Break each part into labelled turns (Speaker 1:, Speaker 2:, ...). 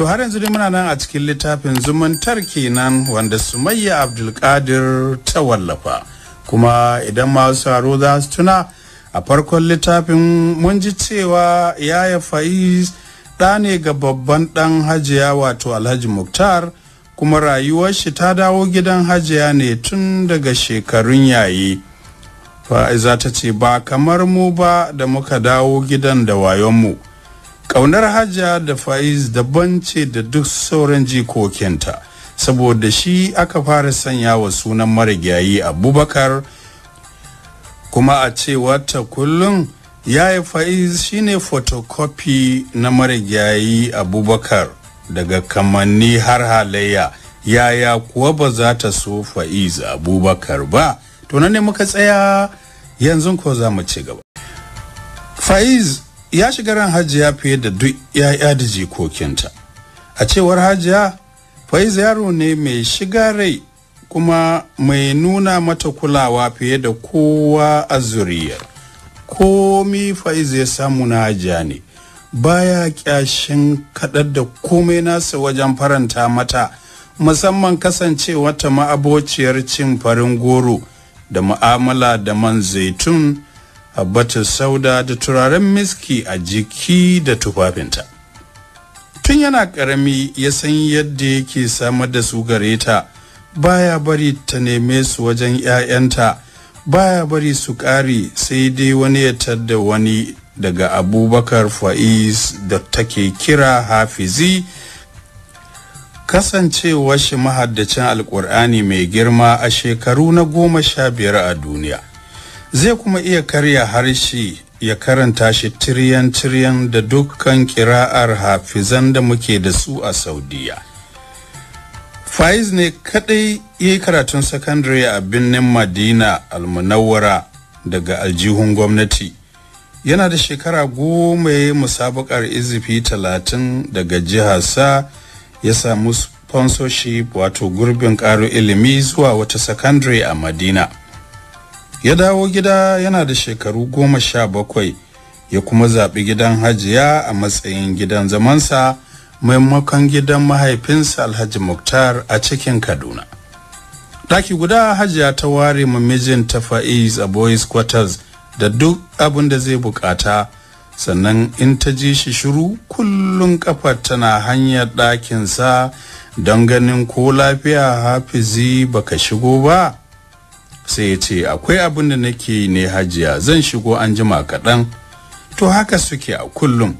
Speaker 1: To har yanzu dai muna nan a cikin littafin zumuntar kenan wanda Sumayya Abdulkadir ta wallafa. Kuma idan masu saro za su tuna a farkon littafin mun ji cewa yaya Faiz ɗa ne ga babban ɗan hajiya wato Alhaji Muktar kuma rayuwar shi ta dawo gidan hajiya ne tun daga shekarun yayi. Fa'iza ta ce ba kamar mu ba da muka dawo gidan da wayonmu mu. Ƙaunar hajja da Faiz daban ce da duk sauran jikokinta, saboda shi aka fara sanya wa sunan marigayi Abubakar kuma a ce wata kullum yi Faiz shine fotokopi na marigayi Abubakar daga kamanni har halayya yaya kuwa ba za ta so Faiz Abubakar ba. To nan ne muka tsaya yanzu ko za mu ci gaba. Faiz ya shiga ran hajiya fiye da duk ya'ya da jikokinta a cewar hajiya faiz yaro ne mai shiga rai kuma mai nuna mata kulawa fiye da kowa a zuriyar komi faiz ya samu na hajiya ne baya kyashin kadar da komai nasa wajen faranta mata musamman kasance wata ma'abociyar cin farin goro da mu'amala da man zaitun batun sauda da turaren miski a jiki da tufafinta tun yana karami ya san yadda yake samar da su gare ta baya bari ta neme su wajen 'ya'yanta baya bari su ƙare sai dai wani ya tadda wani daga abubakar faiz da take kira hafizi kasancewa shi mahaddacin alkur'ani mai girma a shekaru na goma sha biyar a duniya zai kuma iya karya harshe ya karanta shi tiriyan-tiriyan da dukkan kira'ar hafizan da muke da su a saudiya faiz ne kadai ya yi karatun sakandare a birnin madina almunawwara daga aljihun gwamnati yana da shekara goma ya yi musabakar izifi talatin daga sa ya samu sponsorship wato gurbin karo ilimi zuwa wata sakandare a madina ya dawo gida yana da shekaru goma sha bakwai ya kuma zaɓi gidan hajiya a matsayin gidan zamansa maimakon gidan mahaifinsa alhaji muktar a cikin kaduna ɗaki guda hajiya ta ware ma mijinta fa'iz a boys quarters da duk abin da zai bukata sannan in ta ji shi shiru kullum kafar tana hanyar ɗakinsa don ganin ko lafiya hafizi baka shigo ba sai ya ce akwai abin da nake ne hajiya zan shigo an jima kaɗan to haka suke a kullum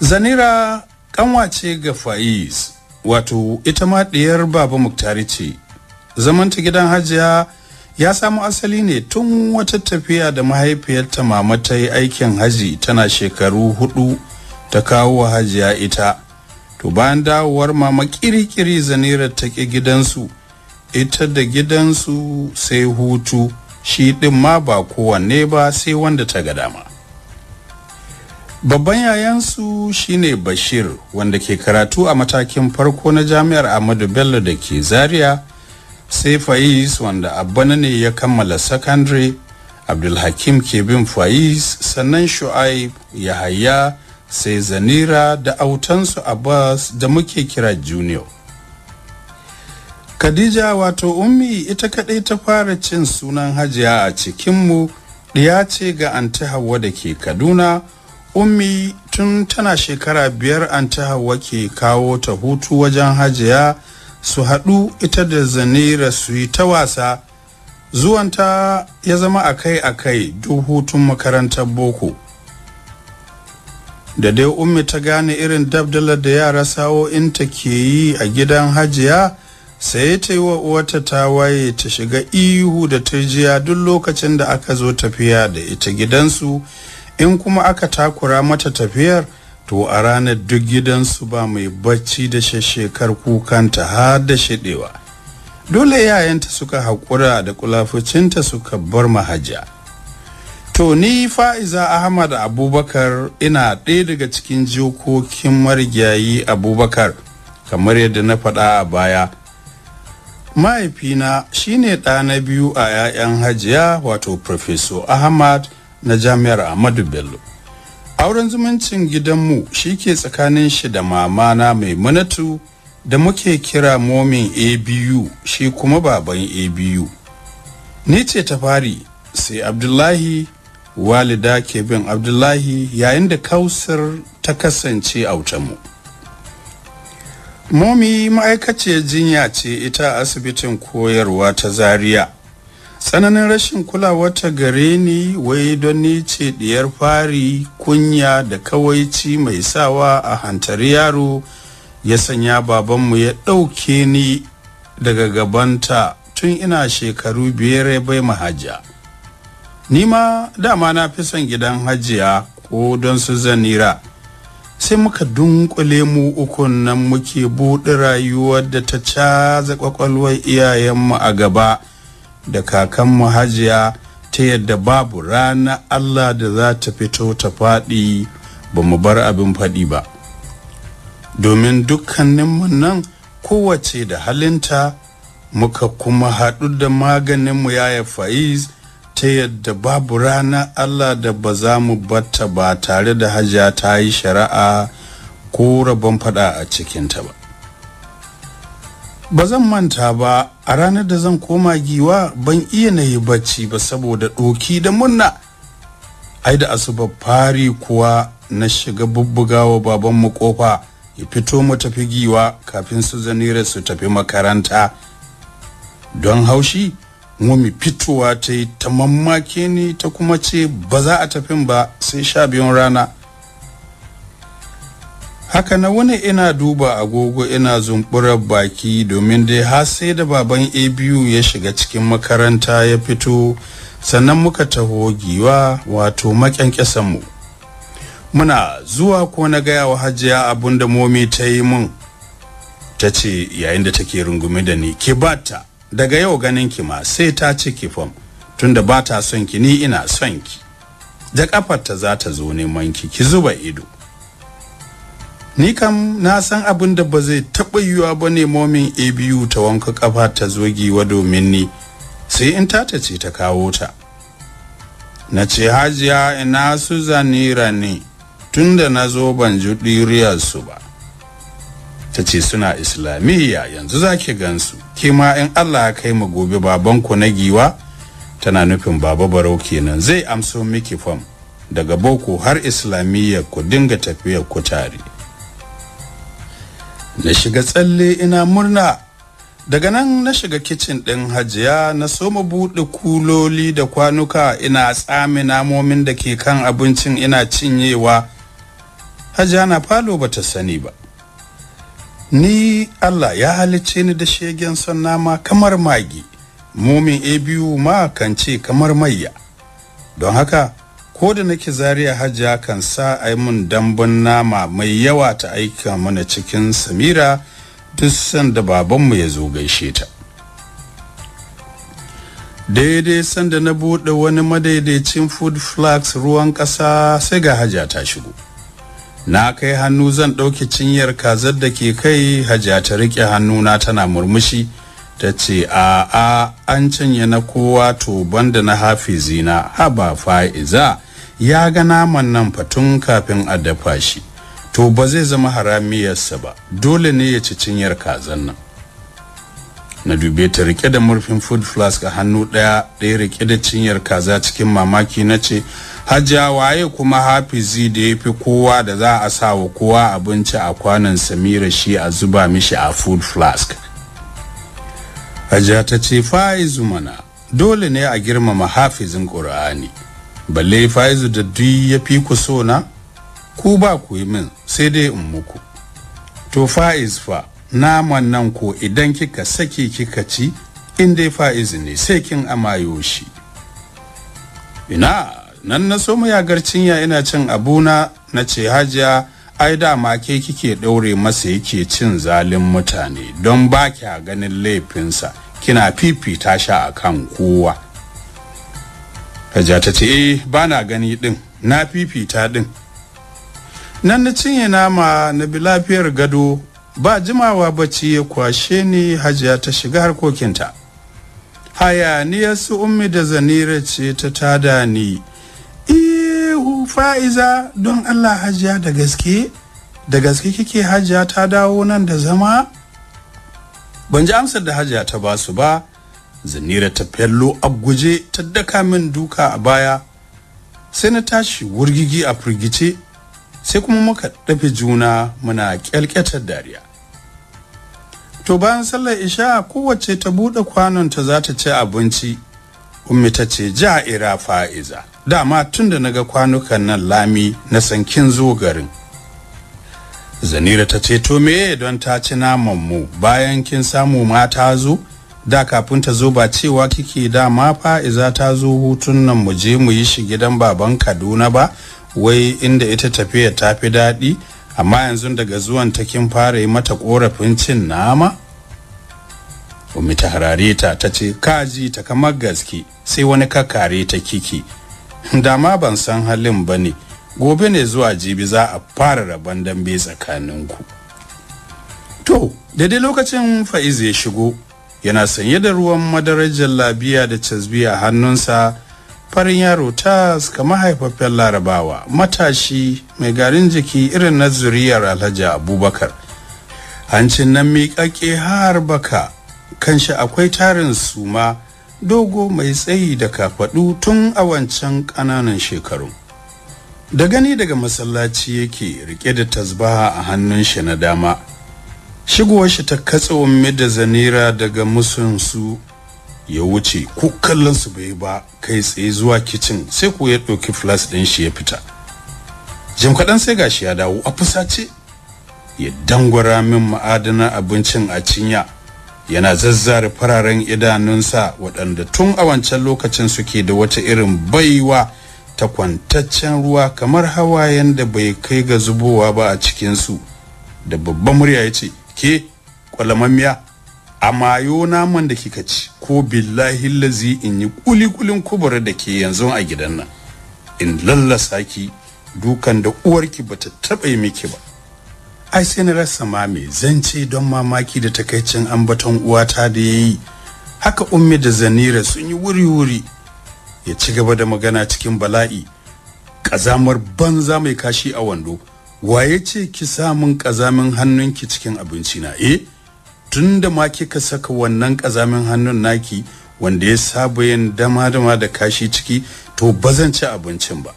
Speaker 1: zanira kanwace ga faiz wato ita ma ɗiyar baba muktari ce zamanta gidan hajiya ya samu asali ne tun wata tafiya da mahaifiyarta mama ta yi aikin haji tana shekaru hudu ta kawo hajiya ita to bayan dawowar mama kiri-kiri zanira ta ke gidansu ita da gidansu sai hutu shi ɗin ma ba kowanne ba sai wanda ta ga dama babban yayansu shine bashir wanda ke karatu a matakin farko na jami'ar ahmadu bello da ke zaria sai faiz wanda bana ne ya kammala secondary abdulhakim ke bin faiz sannan shu'aib yahaya sai zanira da autansu abbas da muke kira junior Khadija wato ummi ita kadai ta fara cin sunan hajiya a cikinmu ya ce ga anti hawa da ke kaduna ummi tun tana shekara biyar anti hawa ke kawo ta hutu wajen hajiya su haɗu ita da zanira su yi ta wasa zuwanta ya zama akai-akai duk hutun makarantar boko da dai ummi ta gane irin dabdalar da yara ta ke yi a gidan hajiya sai ta yi wa uwata ta waye ta shiga ihu da turjiya duk lokacin da aka zo tafiya da ita gidansu in kuma aka takura mata tafiyar to a ranar duk gidansu ba mai bacci da shekar kukanta har da shaɗewa dole yayanta suka haƙura da kulafucinta suka bar mahaja to ni fa'iza ahmad abubakar ina ɗaya daga cikin jikokin marigayi abubakar kamar yadda na faɗa a baya mahaifina shine ɗa na biyu a 'ya'yan hajiya wato professor ahmad na jami'ar ahmadu bello auren zumuncin gidanmu shi ke tsakanin shi da mamana mai manatu da muke kira momin abu shi kuma baban abu ni ce ta fari sai abdullahi walida ke bin abdullahi yayin da kausar ta kasance autanmu. mu momi ma'aikaciyar jinya ce ita asibitin koyarwa ta zaria tsananin rashin kulawarta gare ni wai don ni ce diyar fari kunya da kawaici mai sawa a hantar yaro ya sanya babanmu ya ɗauke ni daga gabanta tun ina shekaru biyar bai mahaja ni ma dama na fi son gidan hajiya ko don su zanira sai muka dunkule mu ukun nan muke buɗe rayuwar da ta caza kwakwalwar iyayenmu a gaba da kakanmu hajiya ta yadda babu rana Allah da za ta fito ta faɗi ba mu bar abin faɗi ba domin dukkaninmu nan kowace da halinta muka kuma haɗu da maganinmu yaya fa'iz ta yadda babu rana Allah da ba za mu batta ba tare da hajja ta yi shari'a ko rabon fada a cikinta ba ba zan manta ba a ranar da zan koma giwa ban iya na yi bacci ba saboda ɗoki da murna ai da asuba fari kuwa na shiga bubbugawa baban mu kofa ya fito mu tafi giwa kafin su zanira su tafi makaranta don haushi momi fitowa ta yi ta mammake ni ta kuma ce ba za a tafin ba sai sha biyun rana haka na wani ina duba agogo ina zumburar baki domin dai har sai da baban abu ya shiga cikin makaranta ya fito sannan muka taho giwa wato mu muna zuwa ko na gaya wa hajiya abun da momi ta yi mun ta ce yayin da take rungume da ni ke bata daga yau ganin ki ma sai ta ki fam tunda ba ta son ki ni ina son ki da ta za ta zo neman ki ki zuba ido ni kam na san abin da ba zai taɓa yiwuwa ba ne momin abu ta wanka kafa ta zo giwa domin ni sai in ta tace ta kawo ta na ce hajiya ina su zanira ne tunda na zo ban ji su ba ta suna islamiyya yanzu za ki gansu ke in allah ya kai mu gobe babanku na giwa tana nufin baba barau kenan zai amso miki fam daga boko har islamiyya ku dinga tafiyar ku tare na shiga tsalle ina murna daga nan na shiga kicin ɗin hajiya na soma buɗe kuloli da kwanuka ina tsami namomin da ke kan abincin ina cinyewa hajiya na falo bata sani ba ni Allah ya halice ni da shegen son nama kamar magi mumin a biyu ma kan ce kamar mayya don haka ko da nake zariya hajja kan sa a mun dambun nama mai yawa ta aika mana cikin samira duk sanda babanmu ya zo gaishe ta daidai sanda na buɗe wani madaidaicin food flags ruwan ƙasa sai ga hajja ta shigo na kai hannu zan ɗauke cinyar kazar da ke kai hajiya ta riƙe hannuna tana murmushi ta ce a a an cinye na kowa to banda na na haba fa'iza ya ga naman nan fatun kafin a dafa shi to ba zai zama haramiyarsa ba dole ne ya ci cinyar kazan nan na dube ta rike da murfin food flask a hannu ɗaya ɗaya rike da cinyar kaza cikin mamaki na ce hajiya waye kuma hafizi da ya fi kowa da za a sa wa kowa abinci a kwanan samira shi a zuba mishi a food flask hajiya ta ce faizu mana dole ne a girmama hafizin ƙur'ani balle faizu da duk ya fi ku so na ku ba ku yi min sai dai in muku to faiz fa naman nan ko idan kika saki kika ci in dai faiz ne sai kin amayo shi ina nan na so yagar cinya ina cin abuna na ce hajiya ai da ma ke kike ɗaure masa yake cin zalin mutane don ba kya ganin laifinsa kina fifita sha a kan kowa hajiya ta ce eh ba na gani ɗin na fifita ɗin nan na cinye nama na bi lafiyar gado ba jimawa bacci ya kwashe ni hajiya ta shiga harkokinta hayaniyar su ummi da zanira ce ta tada ni shehu fa'iza don allah hajiya da gaske da gaske kike hajiya ta dawo nan da zama ban ji amsar da hajiya ta ba su ba zanira ta fello abguje ta daka min duka a baya sai na tashi wurgigi a firgice sai kuma muka dafe juna muna kyalkyatar dariya to bayan sallar isha kowace ta buɗe kwanonta za ta ci abinci ummi ta ce ja'ira fa'iza dama tun da naga kwanukan nan lami na sankin zo garin zanira ta ce to meye don ta ci naman mu bayan kin samu mata zo da kafin ta zo ba cewa kike dama fa'iza ta zo hutun nan mu je mu yi shi gidan baban kaduna ba wai inda ita tafiya ta fi daɗi amma yanzu daga zuwan ta kin fara yi mata korafin cin nama? Umi ta harare ta ta ce kaji ta kamar gaske sai wani kakare ta kiki dama ban san halin ba ne gobe ne zuwa jibi za a fara rabon dambe tsakaninku to daidai lokacin fa'iz ya shigo yana sanye da ruwan madarajar jallabiya da casbi a hannunsa farin yaro ta suka mahaifafen larabawa matashi mai garin jiki irin na zuriyar alhaji abubakar hancin nan miƙaƙe har baka kanshi akwai tarin suma dogo mai tsayi da kafaɗu tun a wancan ƙananan shekaru da gani daga masallaci yake rike da tasbaha a hannun shi na dama shigowar shi ta katsawon umme da zanira daga musun su ya wuce ko kallon su bai ba kai tsaye zuwa kicin sai ko ya ɗauki flas ɗin shi ya fita jim kaɗan sai gashi ya dawo a fusace ya dangwara min ma'adana abincin a cinya yana zazzare fararen idanunsa waɗanda tun a wancan lokacin suke da wata irin baiwa ta kwantaccen ruwa kamar hawayen da bai kai ga zubowa ba a cikinsu da babban murya ya ce ke kwalamammiya a mayo naman da kika ci ko billahi lazi in yi kulikulin kubura da ke yanzu a gidan nan in lallasa ki dukan da uwarki bata taɓa yi miki ba ai sai na rasa mame zan ce don mamaki da takaicin ambaton uwata da ya yi haka ummi da zanira sun yi wuri-wuri ya ci gaba da magana cikin bala'i kazamar banza mai kashi a wando wa ya ce ki samun ƙazamin hannunki cikin abinci na eh tun da ma kika saka wannan kazamin hannun naki wanda ya saba yin dama-dama da kashi ciki to bazan ci abincin ba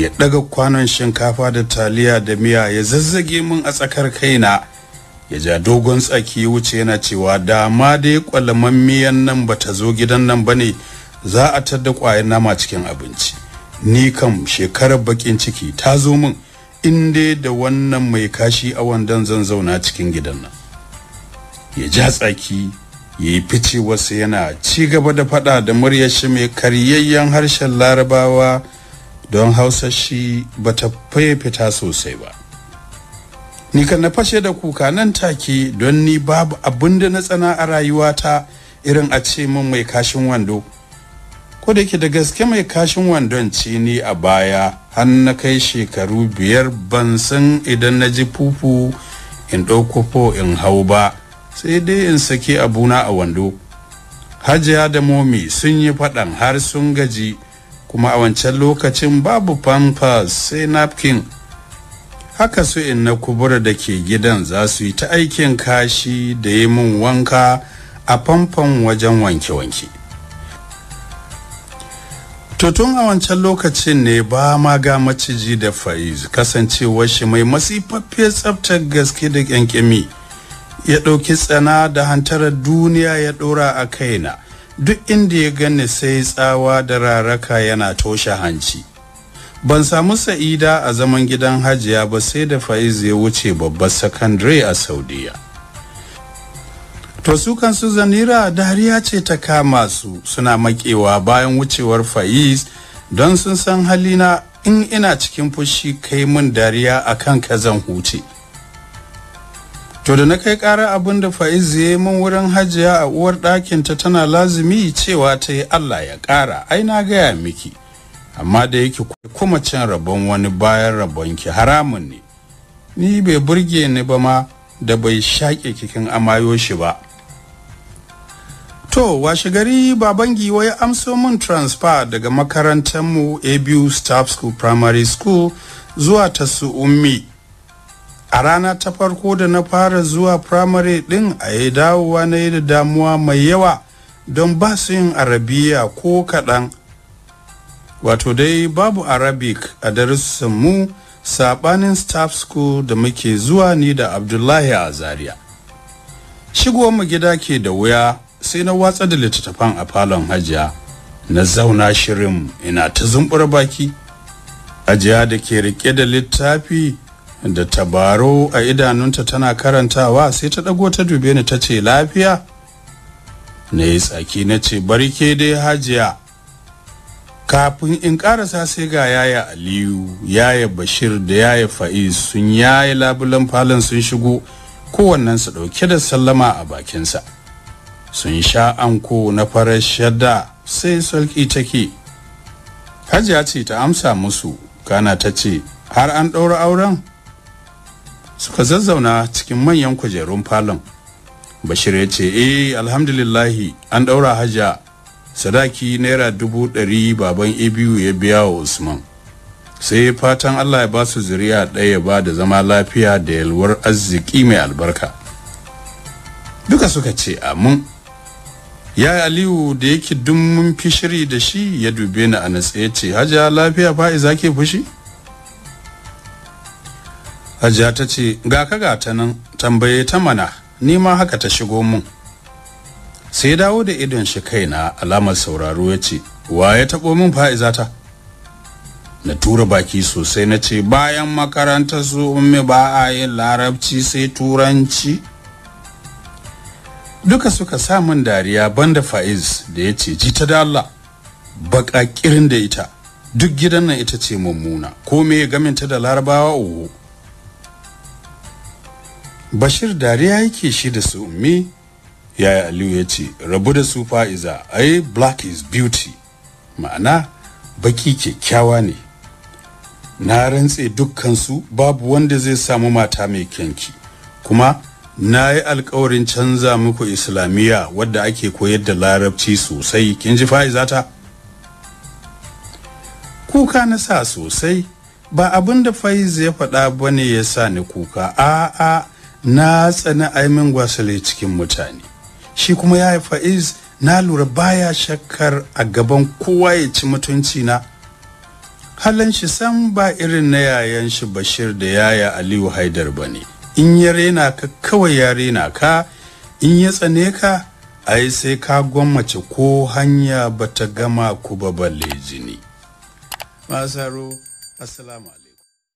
Speaker 1: ya daga kwanon shinkafa da taliya da miya ya zazzage min a tsakar kaina ya ja dogon tsaki wuce yana cewa dama dai kwalaman miyan nan ba ta zo gidan nan ba ne za a da kwayan nama cikin abinci ni kam shekarar baƙin ciki ta zo min in dai da wannan mai kashi a wandan zan zauna cikin gidan nan ya ja tsaki ya yi fice wasu yana ci gaba da faɗa da muryar shi mai karyayyen harshen larabawa don hausa shi ba ta fita sosai ba ni kan na fashe da kuka nan take don ni babu abin da na tsana a rayuwata irin a ce min mai kashin wando ko da yake da gaske mai kashin wandon ce ni a baya har na kai shekaru biyar ban san idan na ji fufu in ɗauko fo in hau ba sai dai in saki abuna a wando hajiya da momi sun yi faɗan har sun gaji kuma a wancan lokacin babu pampers sai napkin haka su in na kubura da ke gidan za su yi ta aikin kashi da yi min wanka a famfon wajen wanke-wanke tun a wancan lokacin ne ba ma ga maciji da faiz kasancewar shi mai masifaffe tsaftar gaske da kyankyami ya ɗauki tsana da hantarar duniya ya ɗora a kaina duk inda ya gani sai tsawa da raraka yana toshe hanci ban samu sa'ida a zaman gidan hajiya ba sai da faiz ya wuce babbar sakandare a saudiya to su kansu zanira dariya ce ta kama su suna makewa bayan wucewar faiz don sun san halina in ina cikin fushi kai mun dariya akan kazan huce to da na kai ƙara abin da faiz ya yi min wurin hajiya a uwar ta tana lazumi cewa ta yi allah ya ƙara ai na gaya miki amma da yake kuma cin rabon wani bayan rabon ki haramun ne ni bai burge ni ba ma da bai shaƙe kikin amayo shi ba to washe gari baban giwa ya amso min transfer daga makarantar mu abu staff school primary school zuwa ta su ummi a rana ta farko da na fara zuwa firamare din a yi dawowa na yi da damuwa mai yawa don ba su yin arabiya ko kaɗan wato dai babu arabic a darussan mu saɓanin staff school da muke zuwa ni da abdullahi a zaria shigo mu gida ke da wuya sai na watsa da littattafan a falon hajiya na zauna shirin ina ta zumbura baki hajiya da ke rike da littafi da tabaro a idanunta tana karantawa sai ta ɗago ta dube ni ta ce lafiya na yi tsaki na ce barke dai hajiya kafin in karasa sai ga yaya aliyu yaya bashir da yaya fa'iz sun yaya labulan falon sun shigo kowannensu ɗauke da sallama a bakinsa sun sha anko na farar shadda sai sulki take hajiya ce ta amsa musu kana ta ce har an ɗaura auren suka zazzauna cikin manyan kujerun falon bashir ya ce eh alhamdulillahi an daura hajja sadaki naira dubu ɗari baban ibiyu ya biya wa usman sai fatan allah ya ba su zuriya ɗaya ba da zama lafiya da yalwar arziki mai albarka duka suka ce amin ya aliyu da yake dun mun fi shiri da shi ya dube ni a natsaye ce hajiya lafiya fa'iza ke fushi hajiya ta ce ga ka ga ta nan tambaye ta mana ni ma haka ta shigo mun sai dawo da idon shi kaina alamar sauraro ya ce wa ya taɓo min ta na tura baki sosai na ce bayan makarantar su umme ba a yin larabci sai turanci duka suka sa min dariya banda fa'iz da ya ce ji ta da Allah baƙaƙirin da ita duk gidan nan ita ce mummuna ko me gaminta da larabawa uwu bashir dariya yake shi da su ummi yaya aliyu ya ce rabu da su fa'iza ai black is beauty ma'ana baki kyakkyawa ne na rantse dukkansu babu wanda zai samu mata mai kyanki kuma na yi alkawarin canza muku islamiyya wadda ake koyar da larabci sosai kin ji fa'iza ta kuka na sa sosai ba abin da faiza ya faɗa ba ne ya sa ni kuka a'a na tsani aimin gwasale cikin mutane shi kuma ya fa'iz na lura baya shakkar a gaban kowa ya ci mutunci na halin shi san ba irin na yayan shi bashir da yaya aliyu haidar ba ne in ya rena ka kawai ya rena ka in ya tsane ka ai sai ka gwammace ko hanya bata gama ku ba balle jini masaro assalamu alaikum